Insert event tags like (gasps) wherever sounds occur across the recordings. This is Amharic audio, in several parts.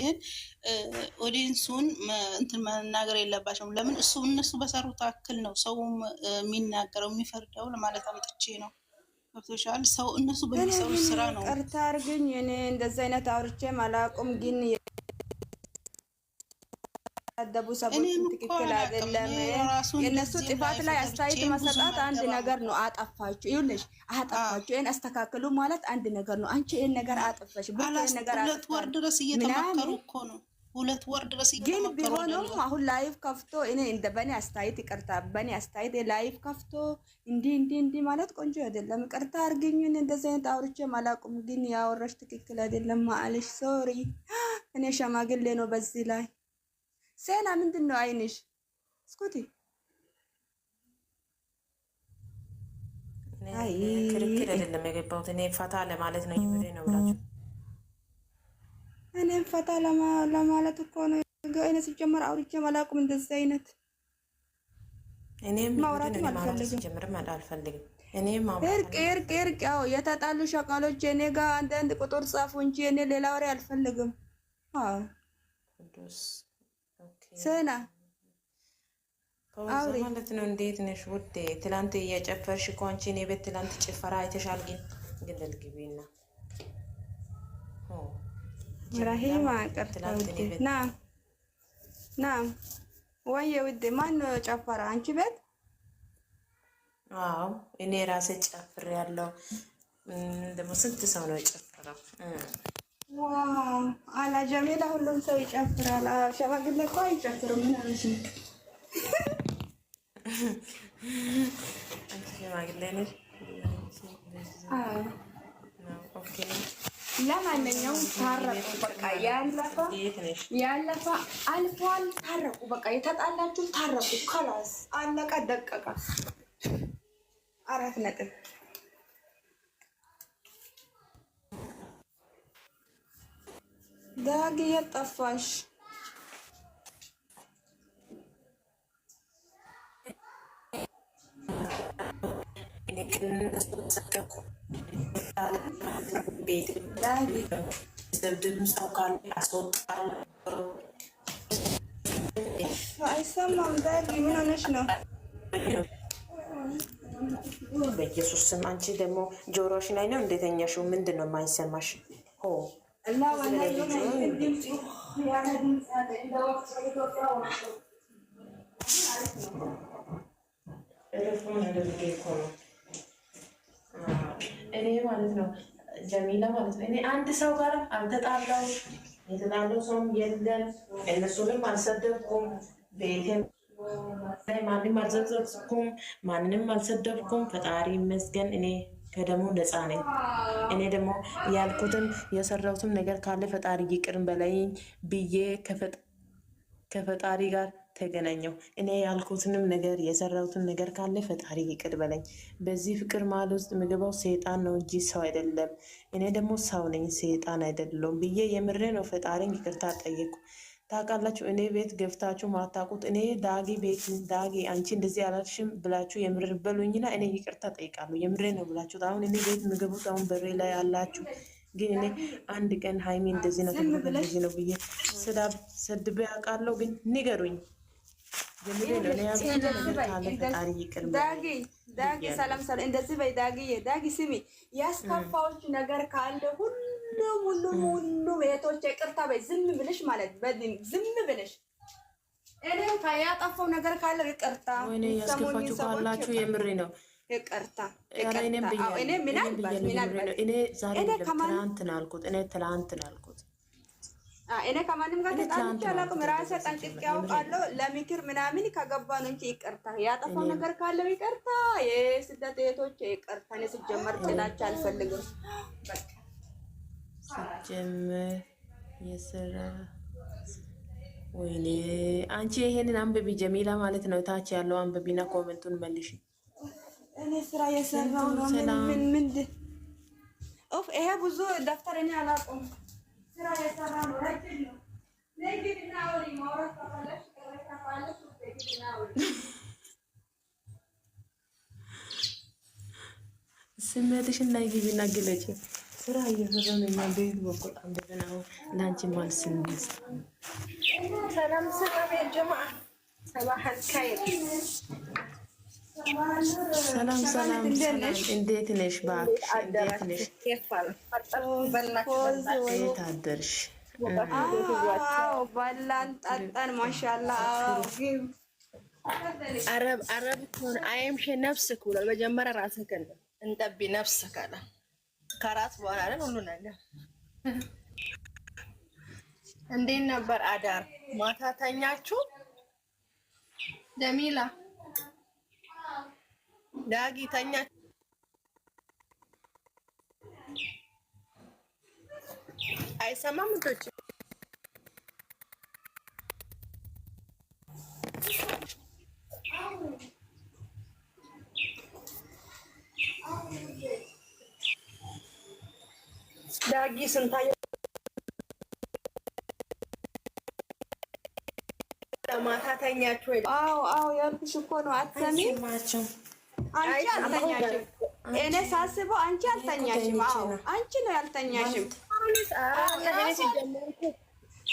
ይህን ኦዲንሱን እንትን መናገር የለባቸውም። ለምን እሱ እነሱ በሰሩት አክል ነው ሰውም የሚናገረው የሚፈርደው ለማለት አምጥቼ ነው። ገብቶሻል? ሰው እነሱ በሚሰሩት ስራ ነው። ቀርታ አድርግኝ። እኔ እንደዚህ አይነት አውርቼም አላውቅም ግን የሚሳደቡ ሰዎች ትክክል አይደለም። የእነሱ ጥፋት ላይ አስተያየት መሰጣት አንድ ነገር ነው። አጠፋችሁ ይሁንሽ፣ አጠፋችሁ ይህን አስተካክሉ ማለት አንድ ነገር ነው። አንቺ ይህን ነገር አጠፋሽ ብለሽ ነገር ሁለት ወር ድረስ እየተመከሩ እኮ ነው። ሁለት ወር ድረስ ግን ቢሆንም አሁን ላይፍ ከፍቶ እኔ እንደ በኔ አስተያየት ይቅርታ፣ በኔ አስተያየት ላይፍ ከፍቶ እንዲ እንዲ እንዲ ማለት ቆንጆ አይደለም። ይቅርታ አርግኝን እንደዚህ አይነት አውርቼ አላውቅም። ግን ያወራሽ ትክክል አይደለም ማለሽ ሶሪ። (gasps) እኔ ሸማግሌ ነው በዚህ ላይ ሴና ምንድን ነው አይንሽ? እስኩቲ ክርክር አይደለም የገባሁት እኔ ፈታ ለማለት ነው። ነው ብላችሁ እኔም ፈታ ለማለት እኮ ነው። ሲጀመር አላውቅም እንደዚህ አይነት እኔም አልፈልግም፣ አልፈልግም። እርቅ እርቅ እርቅ ያው የተጣሉ ሸቃሎች እኔ ጋር አንዳንድ ቁጥር ጻፉ እንጂ እኔ ሌላ ወሬ አልፈልግም። አዎ ስህና ማለት ነው። እንዴት ነሽ ውዴ? ትላንት እየጨፈርሽ እኮ አንቺ ትላንት ጭፈራ አይተሻል። ግን ግለል ግቢና ራሂማ ቀርና ና ወየ ውዴ፣ ማን ነው ጨፈራ አንቺ ቤት? አዎ እኔ ራሴ ጨፍር ያለው ደግሞ ስንት ሰው ነው የጨፈረው? አላ ጀሜላ ሁሉም ሰው ይጨፍራል። ሸማግሌ እኮ አይጨፍርም። ለማንኛውም ታረቁ በቃ ያለፈ አልፏል። ታረቁ በቃ የተጣላችሁ ታረቁ። ከላስ አለቀ ደቀቀ። አራት ነጥብ ዳግ የጠፋሽ አይሰማም። ዳግ ምን ሆነሽ ነው? በኢየሱስ ስም አንቺ ደግሞ ጆሮሽ ላይ ነው እንደተኛሽው። ምንድን ነው የማይሰማሽ? ሆ እኔ ማለት ነው ጀሚላ ማለት ነው እኔ አንድ ሰው ጋር አልተጣላው፣ የተጣለው ሰውም የለም። እነሱንም አልሰደብኩም፣ ቤቴም ማንም አልዘዘብኩም፣ ማንንም አልሰደብኩም። ፈጣሪ ይመስገን እኔ ከደሞ ነፃ ነኝ። እኔ ደግሞ ያልኩትም የሰራሁትም ነገር ካለ ፈጣሪ ይቅርን በለኝ ብዬ ከፈጣሪ ጋር ተገናኘው። እኔ ያልኩትንም ነገር የሰራሁትን ነገር ካለ ፈጣሪ ይቅር በለኝ። በዚህ ፍቅር መሃል ውስጥ ምግባው ሴጣን ነው እንጂ ሰው አይደለም። እኔ ደግሞ ሰው ነኝ፣ ሴጣን አይደለም ብዬ የምሬ ነው ፈጣሪን ይቅርታ ጠየቁ። ታውቃላችሁ እኔ ቤት ገብታችሁ ማታውቁት እኔ ዳጊ ቤት ዳጊ አንቺ እንደዚህ አላልሽም ብላችሁ የምር በሉኝና እኔ ይቅርታ ጠይቃሉ። የምሬ ነው ብላችሁ አሁን እኔ ቤት ምግቡት አሁን በሬ ላይ አላችሁ። ግን እኔ አንድ ቀን ሀይሚ እንደዚህ ነው እንደዚህ ነው ብዬ ስዳ ሰድቤ አውቃለሁ። ግን ንገሩኝ የምሬ ነው እኔ ያለ ፈጣሪ ይቅር ዳጊ ሰላም ሰላም እንደዚህ በይ ዳጊ ዳጊ ስሚ ያስከፋዎች ነገር ካለ ሁሉ ሁሉም ሁሉም ሁሉም እህቶች ይቅርታ በይ። ዝም ብለሽ ማለት ዝም ብለሽ እኔ ያጠፋው ነገር ካለ ይቅርታ። ወይኔ ያስከፋችሁ ካላችሁ የምሬ ነው ለምክር ምናምን ከገባ ነው እንጂ ይቅርታ፣ ያጠፋው ነገር ካለው ይቅርታ። የስደት እህቶች ይቅርታ። እኔ ስጀመር ጥላቻ አልፈልግም። ሲጀምር የስራ ወይኔ አንቺ ይሄንን አንብቢ ጀሚላ ማለት ነው። ታች ያለው አንብቢና ኮመንቱን መልሽ። እኔ ስራ የሰራው ነው። ምን ምን ኦፍ ይሄ ብዙ ደፍተር እኔ አላውቅም። ስራ የሰራ ነው። ረጅም ነው። ስሜትሽን ነይ ግቢና ግለጭ ስራ እየዘረመኛ በህዝብ በኩል አንብበን አሁን ለአንቺ መልስ እንስ ሰላም ሰላም ያጀማ ሰላም ሰላም፣ እንዴት ነሽ? እባክሽ እንዴት በላን ጠጠን፣ ማሻአላህ አረብ አረብ ኮን አይምሽ ነፍስክ ብሏል። መጀመሪያ ራስህን እንጠቢ ነፍስክ አለ ከአራት በኋላ ነን ሁሉ ነገር እንዴት ነበር አዳር? ማታ ተኛችሁ? ጀሚላ ዳጊ ተኛችሁ? አይሰማም እንቶች ስንታየው ማታ ተኛችሁ? አዎ አዎ ያልኩሽ እኮ ነው። አትሰሚም አንቺ አልተኛሽም። እኔ ሳስበው አንቺ አልተኛሽም። አዎ አንቺ ነው ያልተኛሽም።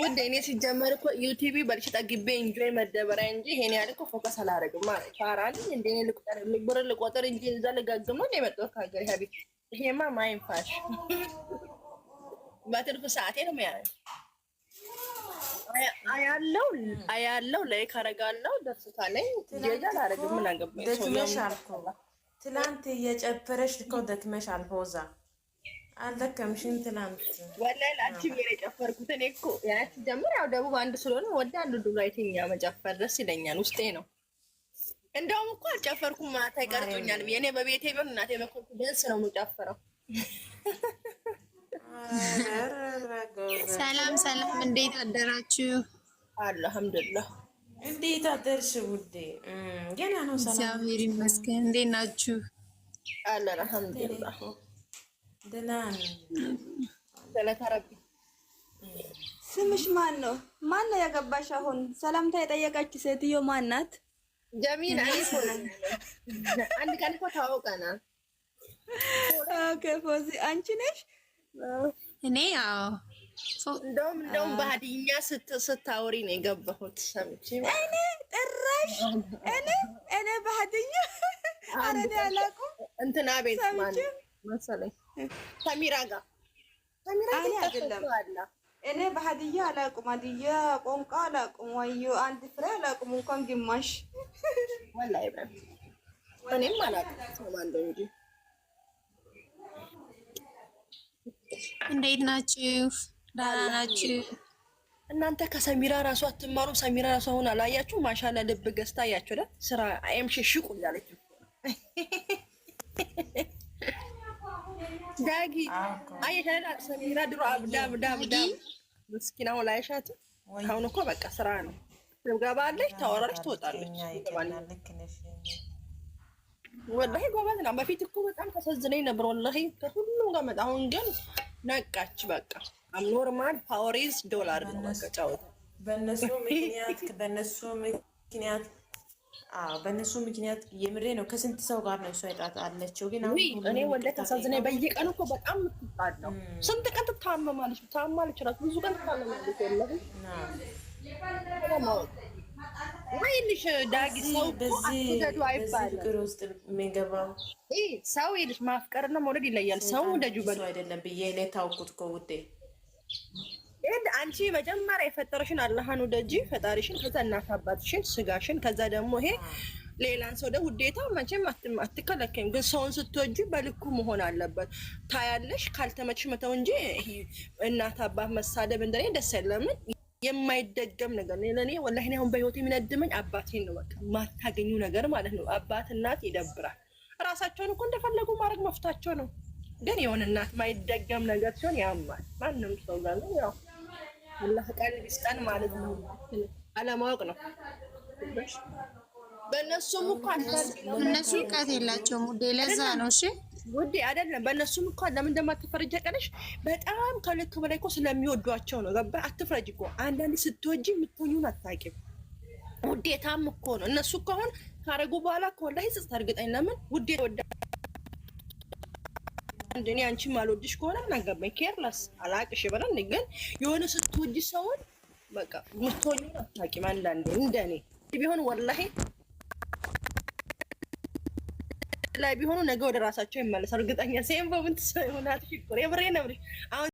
ውድ እኔ ሲጀመር እኮ ዩቲቪ በልሽ ጠግቤ እንጆይ መደበሪያ እንጂ ይሄን ያህል እኮ ፎከስ አላደርግም። እንደ ልቆጥር እንጂ እዛ ልጋግም ነው የመጣሁት ከሀገር ይሄማ ማይንፋሽ በትርፍ ሰዓቴ ነው የሚያደርግ አያለው አያለው ላይ ካረጋለው ደስታ ላይ ትጌዛ ላረግ ምን አገባኝ። ደክመሽ አልፎ ትላንት እየጨፈረሽ እኮ ደክመሽ አልፎዛ እዛ አልደከምሽም። ትላንት ወላይ ላንቺም የኔ የጨፈርኩት እኔ እኮ ያቺ ጀምር ያው ደቡብ አንድ ስለሆነ ወደ አንዱ ዱራይትኛ መጨፈር ደስ ይለኛል ውስጤ ነው። እንደውም እኮ አልጨፈርኩም ማታ ይቀርጡኛል። የኔ በቤቴ ቢሆን እናቴ በኮንፊደንስ ነው የምጨፍረው። ሰላም ሰላም፣ እንዴት አደራችሁ? አልሐምዱሊላህ። እንዴት አደርሽ ውዴ? ገና ነው። ሰላም እግዚአብሔር ይመስገን። እንዴት ናችሁ? አለ አልሐምዱሊላህ። ደህና ነኝ። ስምሽ ማን ነው? ማን ነው ያገባሽ? አሁን ሰላምታ የጠየቀች ሴትዮ ማን ናት? ጀሚል አይፎ አንድ ቀን እኮ ታወቀናል። ኦኬ ፎዚ አንቺ ነሽ? እኔ ያው እንደውም እንደውም በሀዲኛ ስታወሪ ነው የገባሁት ሰምቼ። እኔ ጥራሽ እኔ እኔ በሀዲኛ ኧረ እኔ አላውቅም። እንትና ቤት ማለት መሰለኝ ሰሚራ ጋር ሰሚራ አይደለም። እኔ በሀዲያ አላውቅም፣ ሀዲያ ቋንቋ አላውቅም። ወዩ አንድ ፍሬ አላውቅም እንኳን ግማሽ ወላሂ። እኔም አላውቅም ሰማንደው እንጂ እንዴት ናችሁ? ደህና ናችሁ? እናንተ ከሰሚራ ራሱ አትማሩ። ሰሚራ ራሱ አሁን አላያችሁ? ማሻላ ልብ ገዝታ አያችሁ ለ ስራ አይምሽ ሽቁ እንዳለች (laughs) ዳጊ አየሻላ ሰሚራ ድሮ አብዳ አብዳ አብዳ ምስኪና ሆና አያሻት። አሁን እኮ በቃ ስራ ነው። ትገባለች፣ ታወራለች፣ ትወጣለች። ወላሂ ጎበዝ ነው። በፊት እኮ በጣም ተሰዝነኝ ነበር ወላሂ ከሁሉም ጋር መጣ። አሁን ግን ነቃች። በቃ ኖርማል ፓወሬዝ ዶላር ነው ጫወታ። በነሱ ምክንያት በእነሱ ምክንያት በእነሱ ምክንያት የምሬ ነው። ከስንት ሰው ጋር ነው እሷ አለችው። ግን እኔ ወላሂ ተሳዝነኝ። በየቀኑ እኮ በጣም ነው። ስንት ቀን ትታመማለች፣ ታማለች፣ ብዙ ቀን ትታመማለች። ወላሂ ይኸውልሽ ዳጊ ሰው ውደዱ አይባልም። ሰው ይኸውልሽ ማፍቀርና መውደድ ይለያል። ሰው ውደጁ በሉ አይደለም ብዬ እኔ ታውቁት እኮ ውዴ አንቺ መጀመሪያ የፈጠረሽን አላህን ውደጂ ፈጣሪሽን፣ ከዛ እናት አባትሽን፣ ስጋሽን፣ ከዛ ደግሞ ይሄ ሌላን ሰው ደግሞ ውዴታ መቼም አትከለከይም፣ ግን ሰውን ስትወጂ በልኩ መሆን አለበት። ታያለሽ ካልተመችሽ መተው እንጂ እናት አባት መሳደብ እንደኔ ደስ የለምን። የማይደገም ነገር ነው። ለእኔ ወላሂ አሁን በህይወት የሚነድመኝ አባቴን ነው። በቃ ማታገኙ ነገር ማለት ነው። አባት እናት ይደብራል። ራሳቸውን እኮ እንደፈለጉ ማድረግ መፍታቸው ነው። ግን የሆነ እናት ማይደገም ነገር ሲሆን ያማል። ማንም ሰው ጋር ነው ያው አላህ ቀን ቢስጠን ማለት ነው። አለማወቅ ነው። በእነሱም እኮ እነሱ እውቀት የላቸውም። ለዛ ነው እሺ ውዴ አይደለም። በእነሱም እኮ ለምን እንደማትፈረጅ ያቀለሽ በጣም ከልክ በላይ እኮ ስለሚወዷቸው ነው። ገባ አትፍረጅ እኮ አንዳንድ ስትወጂ የምትሆኙን አታውቂም። ውዴታም እኮ ነው። እነሱ እኮ አሁን ካረጉ በኋላ እኮ ወላሂ ጽጽት እርግጠኝ ለምን ውዴ ወዳ እኔ አንቺም አልወድሽ ከሆነ ምን አገባኝ፣ ኬርለስ አላቅሽ በለን። ግን የሆነ ስትወጂ ሰውን በቃ የምትሆኙን አታውቂም። አንዳንዴ እንደኔ ቢሆን ወላሄ ላይ ቢሆኑ ነገ ወደ ራሳቸው ይመለሳሉ። እርግጠኛ ሴም በምንት ሰው ይሆናል። ሽኩር የምሬ ነብሪ አሁን